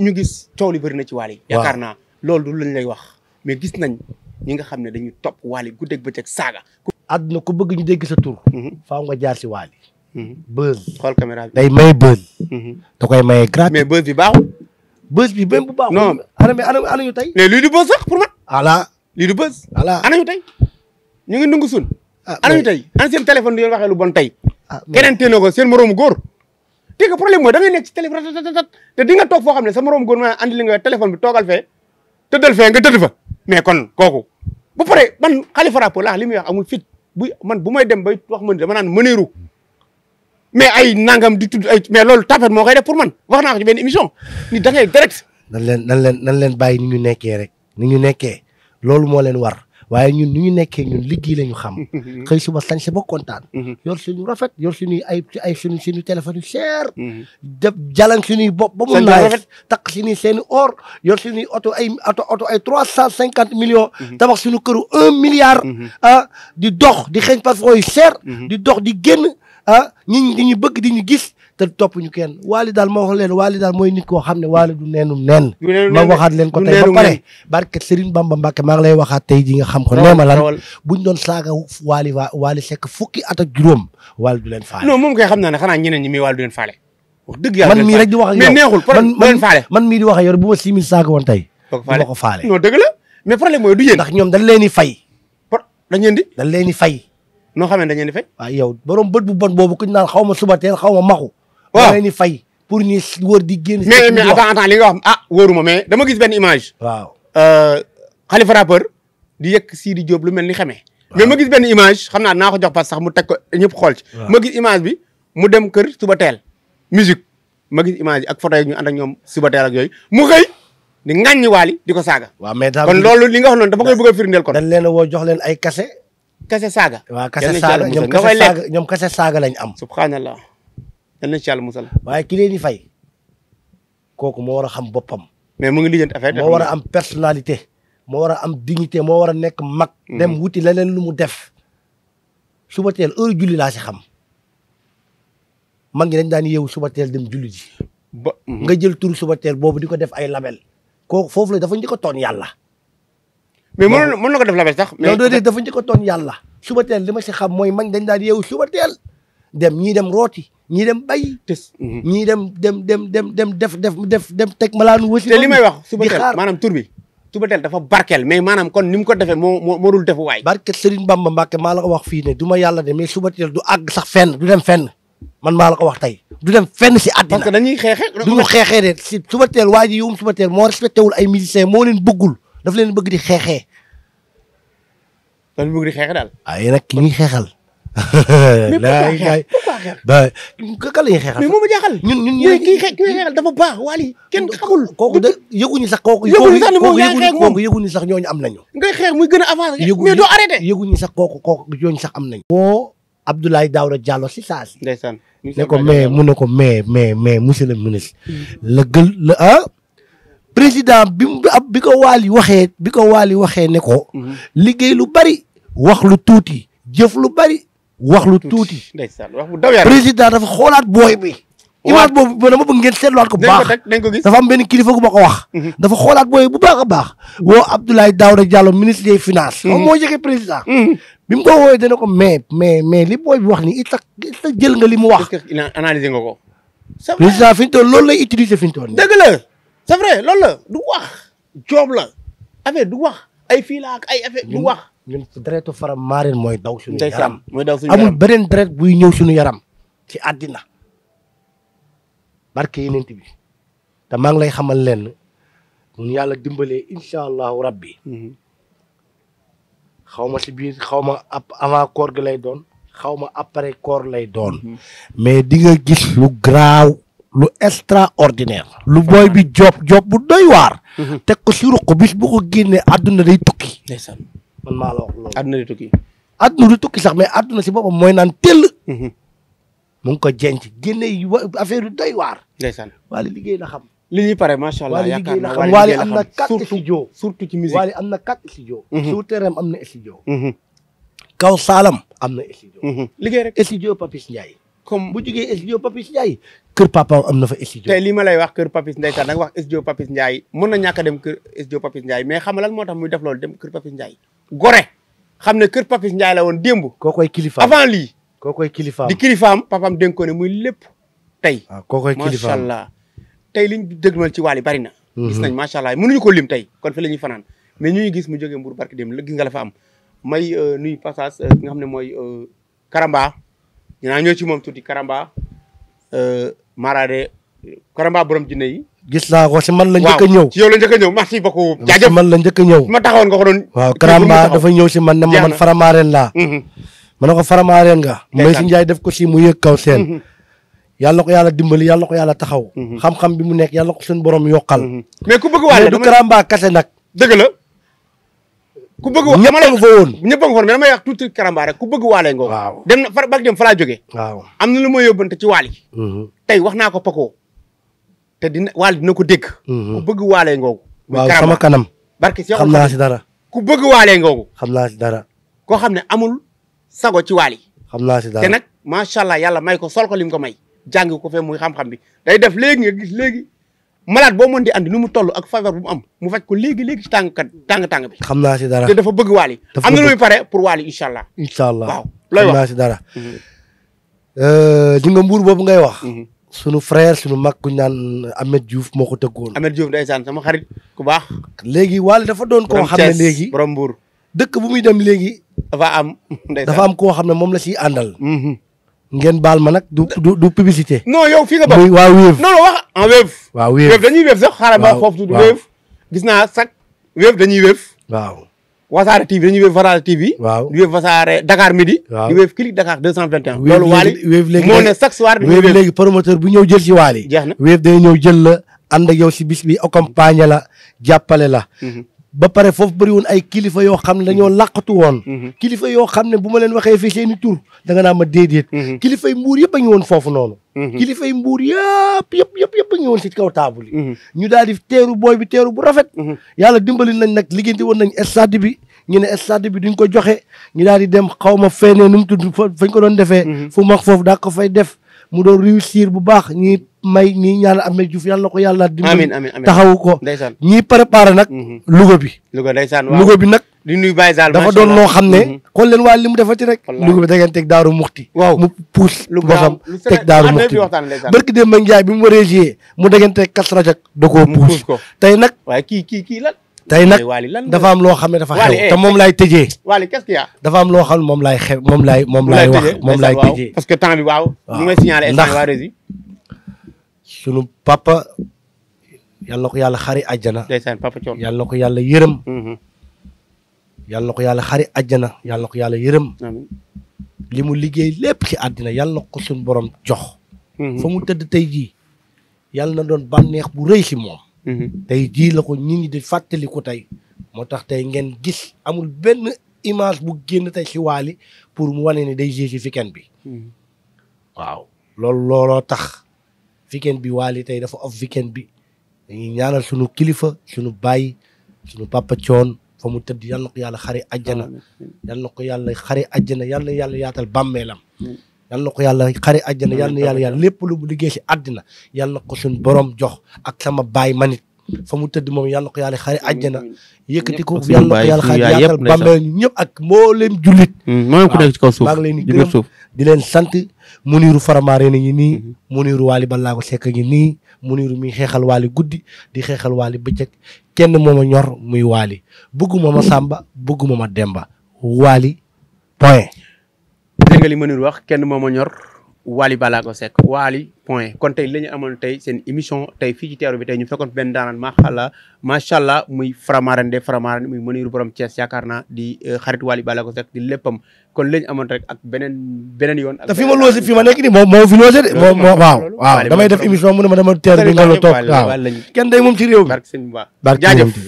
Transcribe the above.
ñu gis coow li bëri na ci waal yi yaakaar naa loolu du lañ lay wax mais gis nañ ñi nga xam ne dañuy topp waal yi guddeeg bëccëg saaga àdduna ku bëgg ñu dégg sa tur mhm. faaw nga jaar si waal yi mhm. buzz xool caméra bi day may buzz mhm. da koy maye gratuit mais buzz bi baaxu buzz bi même bu baaxul non ana mais ana ana ñu tey mais lii du buzz sax pour man voilà lii du buzz voilà ana ñu tey ñu ngi nungu sun ah, ana ñu tey ana seen téléphone di leen waxee lu bon tey ah, keneen téye ko seen moroomu góor te que problème mooy da ngay nekk te di nga toog foo xam ne sa morom góor ma andi li nga téléphone bi toogal fee tëddal fee nga tëdd fa mais kon kooku bu pare ban Khalifa Rappo laa li muy wax amul fit bu man bu may dem bay wax man dama naan mëneeru mais ay nangam di tudd ay mais loolu tapet moo koy def pour man wax naa ko ci benn émission ni da ngay direct nan leen nan leen nan leen bàyyi ni ñu nekkee rek ni ñu nekkee loolu moo leen war waaye ñun nu ñu nekkee ñun liggéey la ñu xam mhm. xëy suba sañ sa ba kontaan mhm. yor suñu rafet yor suñuy ay ay suñu suñu téléphone yu cher mhm. def jalan suñuy bopp ba mu naay takk suñuy seeni or yor suñuy oto ay oto oto ay trois cent cinquante million tabax suñu këru un milliard ah di dox di xeeñ passeport yu cher di dox di génn ah ñi di ñu bëgg di ñu gis te topp ñu kenn waali daal ma wax leen waali daal mooy nit koo xam ne waali du neenum nen ma waxaat leen ko tey ba pare barke Serigne Bamba Mbacke maa ngi lay waxaat tey ji nga xam ko nee ma lan buñ doon saaga waali waa waali sekk fukki at ak juróom du leen faale non moom kay xam naa ne xanaa ñeneen ñi muy waali du leen faale wax dëgg yàlla man mii rek di wax ak yow mais neexul man faale man bu ma six saaga woon tey du faale non dëgg la mais problème mooy du yéen ndax ñoom dañ leen di fay dañ leen leen di fay noo xamee dañ leen fay waaw yow borom bët bu bon boobu kuñ naan xaw ma suba teel xaw ma maxu waaw da ni fay pour ñu wër di génn. mais mais attends attends li nga wax ah wóoruma mais dama gis benn image. waaw euh, Khalifa rappeur di yëkk Sidi joob lu mel ni xamee. mais ma gis benn image xam naa naa ko jox parce sax mu teg ko ñëpp xool ci. ma gis image bi mu dem kër suba teel. musique ma gis image ak photo yi ñu ànd ñoom suba teel ak yooyu mu xëy. di ŋaññi waali di ko saaga. waaw mais kon loolu li nga wax noonu dafa koy bëgg a firndeel kon. dañ leen a jox leen ay kase. kase saaga. waaw kase saaga ñoom kase saaga ñoom kase saaga lañ am. subhanallah danañ ci yàlla musal. waaye ki leen di fay kooku moo war a xam boppam. mais mu ngi lijjanti affaire moo war a am personnalité. moo war a am dignité moo war a nekk mag. Mm-hmm. dem wuti leneen lu mu def. suba teel heure julli laa si xam mag ñi dañ daan yeewu suba teel dem julli ji. ba mm-hmm. nga jël tur suba teel boobu di ko def ay label. kooku foofu la dafa njëkk a toon yàlla. mais mënoon na ko def label sax. mais dafa njëkk a toon yàlla. suba teel li ma si xam mooy mag dañ daan yeewu suba teel. dem ñii dem rooti ñii dem bay tës. Mhm. dem dem dem dem dem def def def dem teg malaanu wësi. te li may wax Soubatel maanaam tur bi. Soubatel dafa barkel mais maanaam kon ni mu ko defee moo moo moo dul defu waay. barkel Serigne Bamba Mbacke maa la wax fii ne du ma yàlla de mais Soubatel du àgg sax fenn du dem fenn man maa la wax tey. du dem fen si àddina parce que dañuy xeexee. du ñu xeexee de si Soubatel waa ji yiwum Soubatel moo respecté wul ay musiciens moo leen bëggul daf leen bëgg di xeexee. dañu bëgg di waaye nag ki ñuy xeexal mais pourquoi xeex pourquoi xeex. ba ka la ñuy xeexal. mais moom a jaaxal. ñun ñun ñooy kii xeex kii xeexal dafa baax Wally kenn xamul. kooku de yëguñu sax kooku. yëguñu sax ni moom yaa xeex moom kooku yëguñu sax ñooñu am nañu. ngay xeex muy gën a avancé. mais doo arrêté yëguñu sax kooku kooku ñooñu sax am nañu. woo Abdoulaye Daouda Diallo si saa si. ndeysaan ne ko mais mu ne ko mais mais mais monsieur le ministre. Hmm. la gël la ah. président bi mu bi ko Wally waxee bi ko Wally waxee ne ko. Hmm. liggéey lu bari wax lu tuuti jëf lu bari wax lu tuuti. ndeysaan wax bu daw yaram président dafa xoolaat booy bi. image boobu dama bëgg ngeen seetluwaat ko bu baax dafa am benn kilifa gu ma ko wax mhm. dafa xoolaat booy bu baax a baax mhm. woo Abdoulaye Daouda Diallo ministre des finances mhm. moom moo jege président bi mu ko wooyee dana ko mais mais mais li booy bi wax ni i it sa jël nga li mu wax analyser nga ko président fi ñu toll loolu lay utiliser fi ñu toll dëgg la c'est vrai loolu la du wax joob la affaire du wax ay fii la ak ay affaire du wax ñun deretu faram maarin mooy daw suñu yaram amul beneen deret buy ñëw suñu yaram ci àddina barke yenent bi te maa ngi lay xamal leen mun yàlla dimbalee incha allahu rabbi mhm. xaw ma si biir xaw ma avant koor gi lay doon xaw ma après koor lay doon mhm. mais di nga gis lu garaaw lu extraordinaire lu booy bi job job bu doy waar mhm. teg ko si ruq bis bu ko génnee àdduna day tukki man maa la wax loolu. àdduna di tukki. àdduna di tukki sax mais àdduna si boppam mooy naan tell. Mhm. mu ngi ko jenc génne yi affaire yu doy waar. ndeysaan waale liggéey la xam. li ñuy pare macha allah yaakaar naa waale liggéey la xam waale am na quatre studio. surtout ci musique waale am na quatre studio. am na studio. Mhm. Kaw Saalam am na studio. Mhm. liggéey rek studio Papis Ndiaye. bu jugee studio Papis kër papa am na fa studio. tey lii ma lay wax kër Papis ndeysaan da nga wax studio Papis Ndiaye mën na ñàkk a dem kër studio Papis Ndiaye mais xam moo tax muy def loolu dem kër Papis Ndiaye. gore xam ne kër Papis Ndiaye la woon démb. koo kilifa avant lii. koo koy kilifaam di kilifaam papaam dénk ko muy lépp tey. waaw ah, koo koy kilifaam macha allah tey liñ dëgmal ci Wally bari na. Mhm. gis nañ macha allah mënuñu ko lim tey kon fi la ñuy fanaan mais ñuy gis mu jógee Mbour barki dem la gis nga la am may euh, nuyu passage euh, ki nga xam ne mooy euh, Karamba dinaa ñëw ci moom tuuti Karamba Marade Karamba borom jinne yi gis naa ko si man la njëkk a ñëw waaw si a ñëw merci beaucoup jaajëf si man la njëkk a ñëw ma taxawoon nga ko doon waaw Karamba dafa ñëw si man ne ma man faramaareen la mm-hmm. ma ne ko faramaareen nga may si njaay def ko si mu yëg kaw seen mm-hmm. yàlla ko yàlla dimbali yàlla ko yàlla taxaw mm-hmm. xam-xam bi mu nekk yàlla ko seen borom yokkal mais ku bëgg waale du Karamba kase nag dëgg la ku bëgg waale ñëpp a nga fa ñëpp a nga fa tuuti Karamba ku bëgg waale nga waaw dem na far bak dem fa laa jógee waaw am na lu ma yóbbante ci waali tey wax naa ko Paco te dina waal dina ko dégg. Mhm. ku bëgg waalee ngoogu. waaw sama kanam barke si xam naa si dara. ku bëgg waale ngoogu. xam naa si dara. koo xam ne amul sago ci waal yi. xam naa si dara nag macha allah yàlla may ko sol ko lim ko may. jàng ko fee mu xam-xam bi day def léegi nga gis léegi malade boo mën di andi nu mu toll ak feebar bu am mu faj ko léegi léegi ci tàng kat tàng bi. xam naa si dara te dafa bëgg waali am na lu pare pour waali incha allah. incha allah waaw looy wax si dara. Mhm. Euh, di mbuur boobu ngay wax. Mhm. sunu frère sunu mag ku ñu naan Ahmed Diouf moo ko tëggoon. Ahmed Diouf ndeysaan sama xarit ku baax. léegi Wally dafa doon koo xam ne léegi borom Mbuur dëkk bu muy dem léegi. dafa am dafa am koo xam ne moom la siy àndal. Mhm. ngeen baal ma nag du du du publicité. non yow fi nga bokk waaw Wave dañuy Wave sax xaaral ma foofu. waaw gis naa sax Wave dañuy Wave. waaw. wasaare TV dañuy wéef wasaare TV. waaw di wéef wasaare Dakar midi. waaw di wéef clic Dakar 221. loolu waali wéef léegi moo ne chaque promoteur bu ñëw jël si waali. jeex na wéef day ñëw jël la ànd ak yow si bis bi accompagner la jàppale la. Mm-hmm. ba pare foofu bëri woon ay kilifa yoo xam ne dañoo mhm. làqatu woon mhm. kilifa yoo xam ne bu ma leen waxee fii seeni tur da naa ma déedéet mhm. kilifa yi mbuur yëpp a ngi woon foofu noonu kilifa yi mbuur yëpp yëpp yëpp yëpp a ngi kaw taabul yi ñu daal di teeru booy bi teeru bu rafet yàlla dimbali nañ nag liggéeyante woon nañ stade bi ñu ne stade bi duñ ko joxe ñu daal di dem xaw ma feenee nu mu tudd fañ ko doon defee fu mag foofu daa ko fay def mu doon réussir bu baax may ñii ñaan am na Diouf yàlla na ko yàlla. amiin amiin amiin taxawu ko. ndeysaan ñiy préparé nag. Mhm. Louga bi. Louga ndeysaan bi nag. di nuyu Baye dafa doon loo xam ne. xool mhm. leen waa li mu defati rek. Louga bi da ngeen teg daaru muxti. waaw mu puus bosam teg daaru muxti barki dem ma Njaay bi mu waree jiyee mu da ngeen teg kas rajak da koo mhm. puus tey nag. waaye kii kii kii lan. tey nag dafa am loo xam ne dafa xew eh. te moom laay tëjee. Wally qu'est-ce am loo xam moom laay xew moom laay moom laay wax moom laay tëjee. parce que temps bi waaw. waaw sunu papa yal na ko yàlla xari àjjana. ndeysaan papa Thione yal na ko yàlla yërëm. Mm-hmm. yal na ko yàlla xari àjjana yal na ko yàlla yërëm. li mu liggéey lépp ci àddina yal na ko suñu borom jox. Mm-hmm. fa mu tëdd tey jii yal na doon bànneex bu rëy si moom. Mm-hmm. tey jii la ko ñi ñi di fàttaliku tey. moo tax tey ngeen gis amul benn image bu génn tey si Wally pour mu wane ni day joué ci weekend bi. waaw looloo tax. weekend bi Wally tey dafa off weekend bi dañuy ñaanal sunu kilifa sunu baay sunu papa coon fo mu tëdd yal na ko yàlla xare ajjana yal na ko yàlla xare ajjana yal na yàlla yaatal bàmmeelam yal na ko yàlla xare ajjana yal na yàlla yàlla lépp lu mu liggéey si àddina yal na ko suñu borom jox ak sama baay manit fa mu tëdd moom yàlla na ko yàlla xaare àjjana yëkkati ko yàlla na ko yàlla xaare ñëpp ak mboolem jullit mm-hmm. moo ku nekk ci kaw suuf maa leen di gërëm di leen sant Muniru Faramare nañu nii mm-hmm. Muniru Waly Ballago Seck ngi nii Muniru mi xeexal Waly guddi di xeexal Waly bëccëg kenn moom a ñor muy Waly bëgguma ma Samba bëgguma ma Demba Waly point dégg nga li Muniru wax kenn mooma ñor Wally Ballago Seck Wally point kon tey la ñu amoon tey seen émission tey fii ci teeru bi tey ñu fekkoon benn daanaan maxalla macha allah muy Faramareen de Faramareen muy Muniru borom Thiès yaakaar naa di euh, xarit Wally Ballago Seck di léppam kon la ñu amoon rek ak beneen beneen yoon. te fi ma loosee fi ma nekk moo fi loosee de. moom moo waaw waaw damay def émission mu dama teer bi nga la toog kenn day moom ci réew mi. barke sëñ bi jaajëf.